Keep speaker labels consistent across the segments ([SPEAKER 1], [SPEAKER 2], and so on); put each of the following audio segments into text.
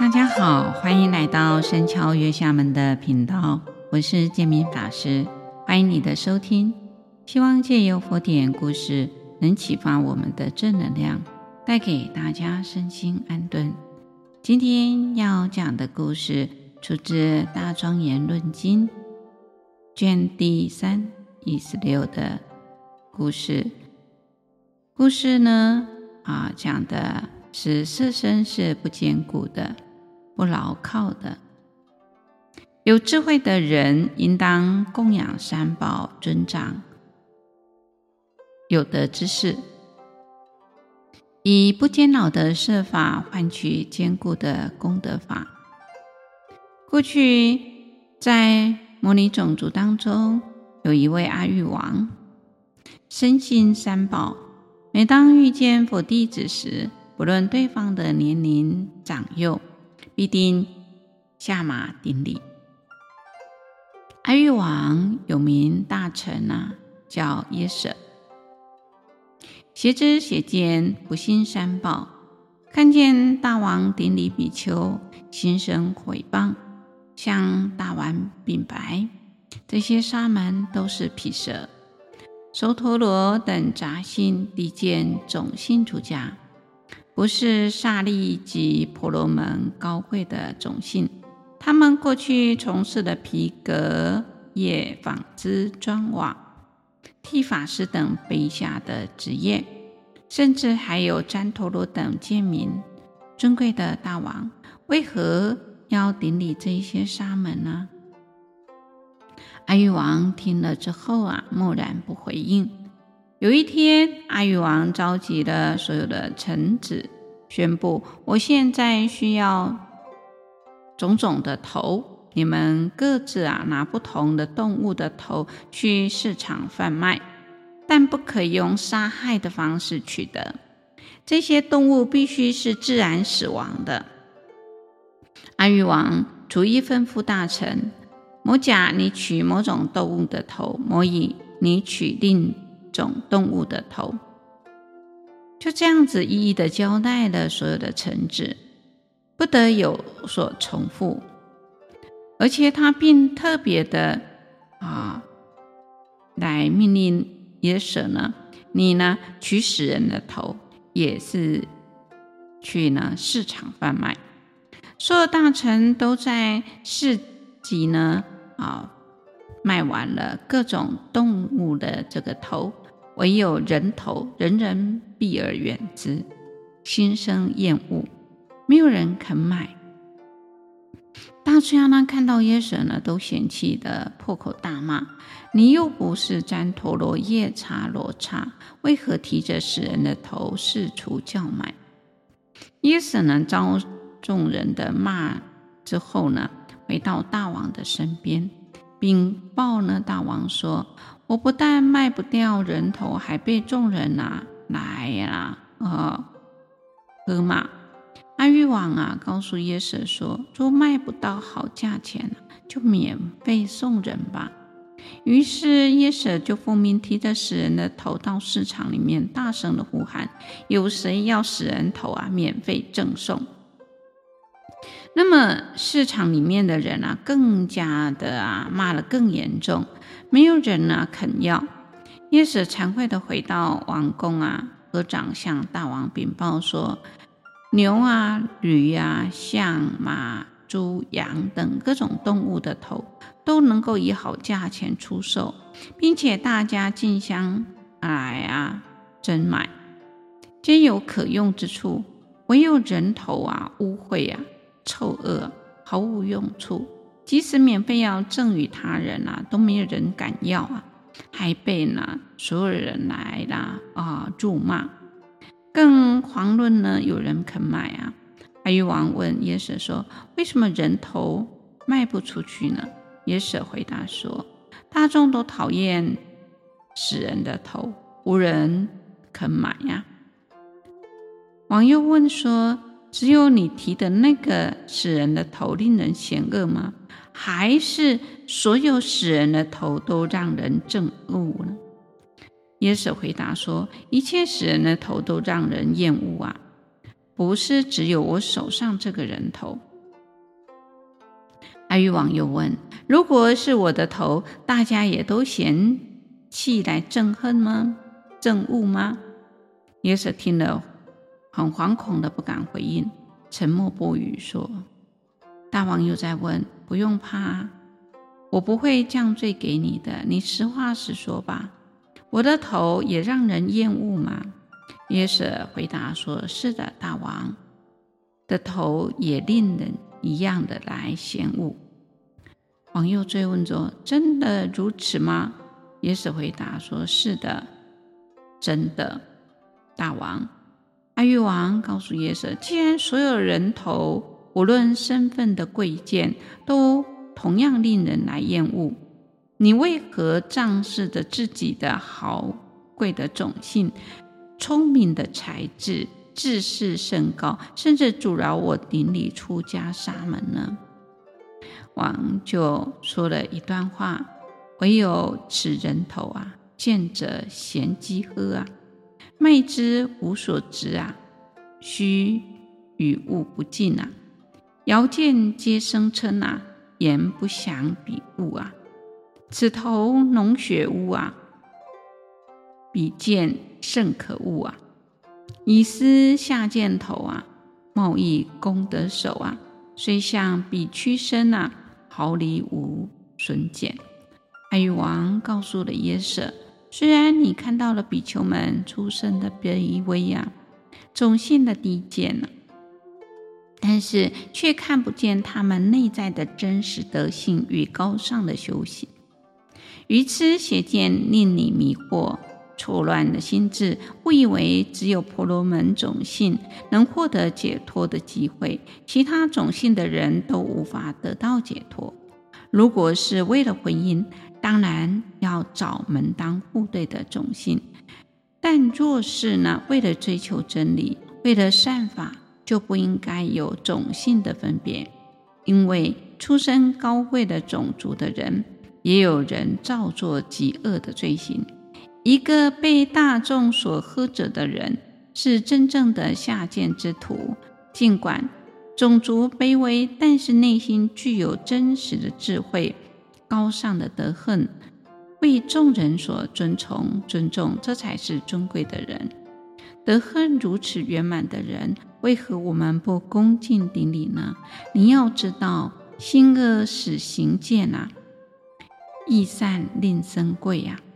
[SPEAKER 1] 大家好，歡迎來到深敲月下門的頻道，我是建明法師，歡迎你的收聽。希望借由佛典故事，能啟發我們的正能量，帶給大家身心安頓。今天要講的故事出自《大莊嚴論經》卷第三一十六的故事。故事呢，啊，講的是色身是不堅固的。不牢靠的。有智慧的人應當供養三寶、尊長，有德之士，以不堅牢的色法換取堅固的功德法。過去在牟尼種族當中，有一位阿育王，深信三寶。每當遇見佛弟子時，不論對方的年齡長幼，必定下馬頂禮。阿育王有名大臣吶、啊，叫耶賒，邪知邪見，不信三寶，看見大王頂禮比丘，心生毀謗，向大王稟白：這些沙門都是毘舍、首陀羅等雜姓低賤種姓出家。不是剎利及婆羅門高貴的種姓，他們過去從事的皮革業、也紡織、磚瓦、剃髮師等卑下的職業，甚至還有旃陀羅等賤民。尊貴的大王，為何要頂禮這些沙門呢？阿育王聽了之後啊，默然不回應。有一天，阿育王召集了所有的臣子，宣布：“我現在需要種種的頭，你們各自啊拿不同的動物的頭去市場販賣，但不可以用殺害的方式取得。這些動物必須是自然死亡的。阿王”阿育王逐一吩咐大臣：“某甲，你取某種動物的頭；某乙，你取另……”種動物的頭，就這樣子一一的交代了所有的臣子，不得有所重複。而且他並特別的啊，來命令耶賒呢，你呢取死人的頭，也是去呢市場販賣。所有大臣都在市集呢啊賣完了各種動物的這個頭。唯有人頭，人人避而遠之，心生厭惡，沒有人肯買。大眾呀，呢看到耶賒呢，都嫌棄地破口大罵：“你又不是旃陀羅、夜叉、羅剎，為何提着死人的頭四處叫賣？”耶賒呢遭眾人的罵之後呢，回到大王的身邊，稟報呢大王說。我不但賣不掉人頭，還被眾人拿來了啊、哦、呵罵！阿育王啊，告訴耶賒說：“若賣不到好價錢，就免費送人吧。”於是耶賒就奉命提着死人的頭到市場裡面，大聲的呼喊：“有誰要死人頭啊？免費贈送！”那麼市場裡面的人啊，更加的啊罵得更嚴重，沒有人呢、啊、肯要。耶賒，慚愧地回到王宮啊，合掌向大王禀報說：“牛啊、驢啊、象、馬、豬、羊等各種動物的頭都能夠以好價錢出售，並且大家競相買啊、爭買，皆有可用之處，唯有人頭啊污穢啊。”臭惡毫無用處，即使免費要贈與他人吶、啊，都沒有人敢要啊，還被呢所有人來啦啊咒、哦、罵，更遑論呢有人肯買啊。阿育王問耶賒說：“為什麼人頭賣不出去呢？”耶賒回答說：“大眾都討厭死人的頭，無人肯買呀、啊。”王又問說。只有你提的那個死人的頭令人嫌惡嗎？還是所有死人的頭都讓人憎惡呢？耶賒回答說：“一切死人的頭都讓人厭惡啊，不是只有我手上這個人頭。”阿育王又問：“如果是我的頭，大家也都嫌棄、來憎恨嗎？憎惡嗎？”耶賒聽了。很惶恐的，不敢回應，沉默不語。說：“大王又在問，不用怕，我不會降罪給你的。你實話實說吧。我的頭也讓人厭惡嗎？”耶賒回答說：“是的，大王的頭也令人一樣的來嫌惡。”王又追問說：“真的如此嗎？”耶賒回答說：“是的，真的，大王。”阿育王告訴耶賒：“既然所有人頭，無論身份的貴賤，都同樣令人來厭惡，你為何仗勢着自己的豪貴的種姓、聰明的才智、自視甚高，甚至阻撓我頂禮出家沙門呢？”王就說了一段話：“唯有此人頭啊，見者咸譏呵啊。”賣之無所直啊，虛與惡不近啊，遙見皆生嗔啊，言不祥鄙惡啊，此頭膿血污啊，鄙賤甚可惡啊，以斯下賤頭啊，貿易功德首啊，雖向彼屈申啊，毫釐無損減。阿育王告訴了耶賒。雖然你看到了比丘們出身的卑微呀、啊，種姓的低賤呢、啊，但是卻看不見他們內在的真實德性與高尚的修行。愚痴邪見令你迷惑錯亂的心智，誤以為只有婆羅門種姓能獲得解脫的機會，其他種姓的人都無法得到解脫。如果是為了婚姻，當然要找門當戶對的種姓；但若是呢，為了追求真理，為了善法，就不應該有種姓的分別。因為出身高貴的種族的人，也有人造作極惡的罪行。一個被大眾所呵責的人，是真正的下賤之徒。儘管。種族卑微，但是內心具有真實的智慧，高尚的德行，為眾人所尊崇、尊重，這才是尊貴的人。德行如此圓滿的人，為何我們不恭敬頂禮呢？你要知道，心惡使形賤啊，意善令身貴呀、啊。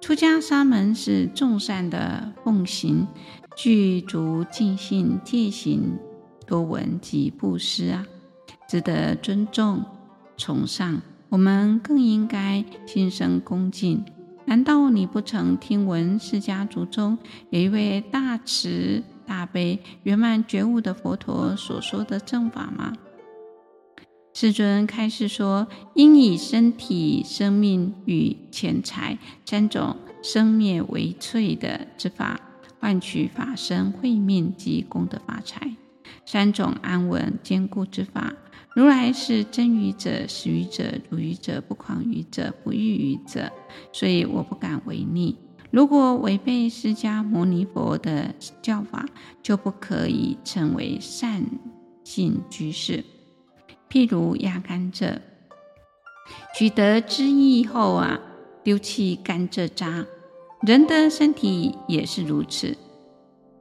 [SPEAKER 1] 出家沙門是眾善的奉行。具足淨信、戒行、多聞及布施啊，值得尊重、崇尚。我們更應該心生恭敬。難道你不曾聽聞釋迦族中，有一位大慈大悲、圓滿覺悟的佛陀所說的正法嗎？世尊開示說：應以身體、生命與錢財，三種生滅危脆之法。換取法身、慧命及功德法財，三種安穩堅固之法。如來是真語者、實語者、如語者、不誑語者、不異語者，所以我不敢違逆。如果違背釋迦牟尼佛的教法，就不可以成為善信居士。譬如壓甘蔗，取得汁液後啊，丟棄甘蔗渣。人的身體也是如此，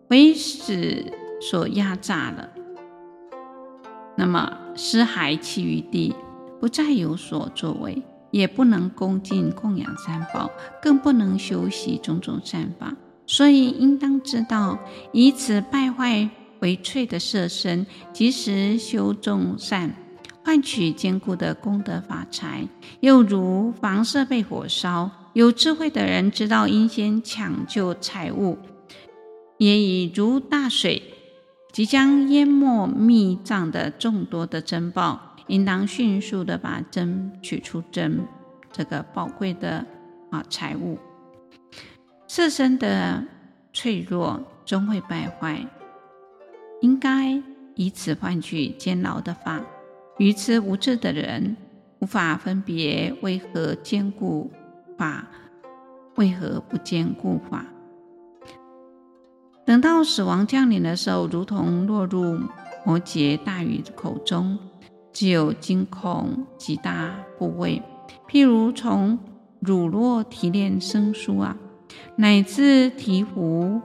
[SPEAKER 1] 為死所壓榨了。那麼，屍骸棄於地，不再有所作為，也不能恭敬供養三寶，更不能修習種種善法。所以，應當知道，以此敗壞危脆的色身，及時修眾善，換取堅固的功德法財，又如房舍被火燒。有智慧的人知道應先搶救財物，也已如大水即將淹沒密藏的眾多的珍寶，應當迅速的把珍取出珍這個寶貴的啊財物。色身的脆弱終會敗壞，應該以此換取堅牢的法。愚癡無智的人無法分別為何堅固。法為何不堅固法？等到死亡降臨的時候，如同落入摩竭大魚口中，只有驚恐極大怖畏。譬如從乳酪提煉生酥啊，乃至醍醐，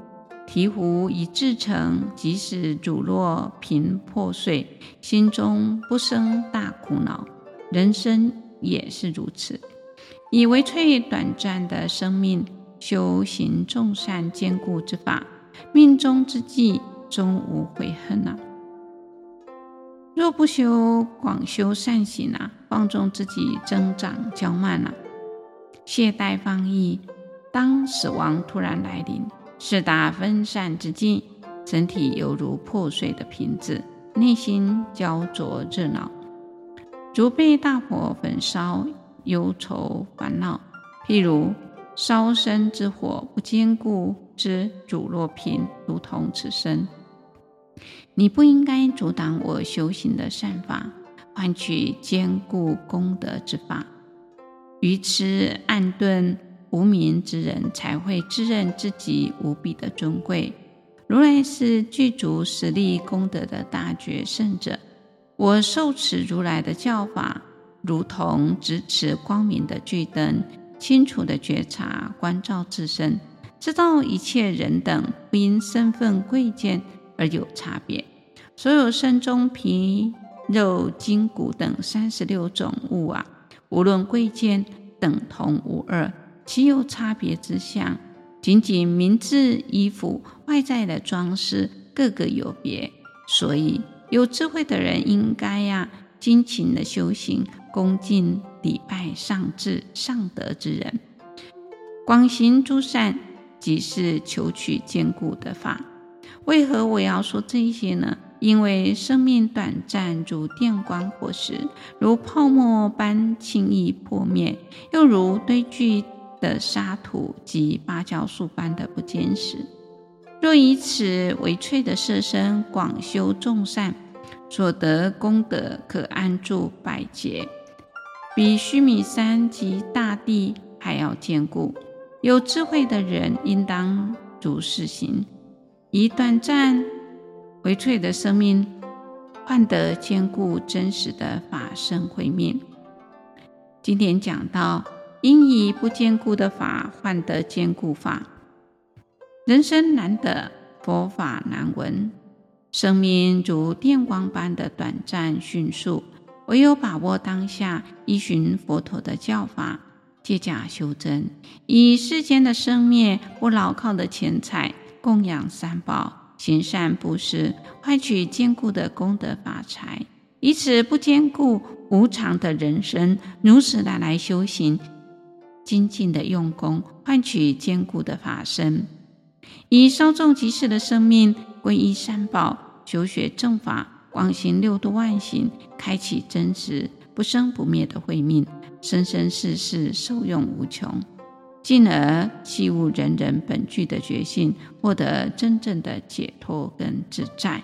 [SPEAKER 1] 醍醐已製成，即使乳酪瓶破碎，心中不生大苦惱。人身也是如此。以危脆短暫的生命，修行眾善堅固之法，命終之際終無悔恨啊！若不修廣修善行啊，放縱自己增長憍慢了、啊，懈怠放逸，當死亡突然來臨，四大分散之際，身體猶如破碎的瓶子，內心焦灼熱惱，如被大火焚燒。憂愁煩惱，譬如燒身之火，不堅固之乳酪瓶，如同此身。你不應該阻擋我修行的善法，換取堅固功德之法。愚癡暗鈍無明之人，才會自認自己無比的尊貴。如來是具足十力功德的大覺聖者，我受持如來的教法，如同執持光明的炬燈，清楚的覺察、觀照自身，知道一切人等不因身份貴賤而有差別。所有身中皮肉筋骨等三十六種物啊，無論貴賤，等同無二，豈有差別之相？僅僅名字、衣服、外在的裝飾，各個，有別。所以有智慧的人應該呀、啊，精勤的修行。恭敬禮拜上智上德之人，廣行諸善，即是求取堅固的法。為何我要說這些呢？因為生命短暫，如電光火石，如泡沫般輕易破滅，又如堆聚的沙土及芭蕉樹般的不堅實。若以此危脆的色身廣修眾善，所得功德可安住百劫。比須彌山及大地還要堅固，有智慧的人應當如是行。以短暫危脆的生命，換得堅固真實的法身慧命。經典講到，應以不堅固的法換得堅固法。人生難得，佛法難聞，生命如電光般的短暫迅速。唯有把握當下，依循佛陀的教法，借假修真，以世間的生命不牢靠的錢財供養三寶，行善布施，換取堅固的功德法財；以此不堅固無常的人生，如此拿來，來修行，精進的用功，換取堅固的法身；以稍縱即逝的生命皈依三寶，求學正法。廣行六度萬行，開啟真實不生不滅的慧命，生生世世受用無窮，進而契悟人人本具的覺性，獲得真正的解脫跟自在。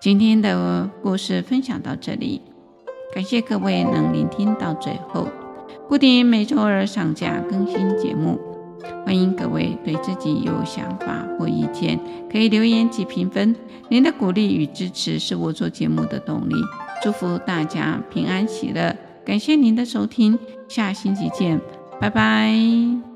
[SPEAKER 1] 今天的故事分享到這裡，感謝各位能聆聽到最後。固定每週二上架更新節目。歡迎各位對自己有想法或意見，可以留言及評分。您的鼓勵與支持是我做節目的動力。祝福大家平安喜樂，感謝您的收聽，下星期見，拜拜。